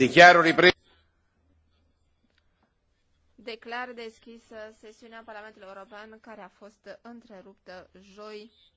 Dichiaro Declar deschisă sesiunea Parlamentului European care a fost întreruptă joi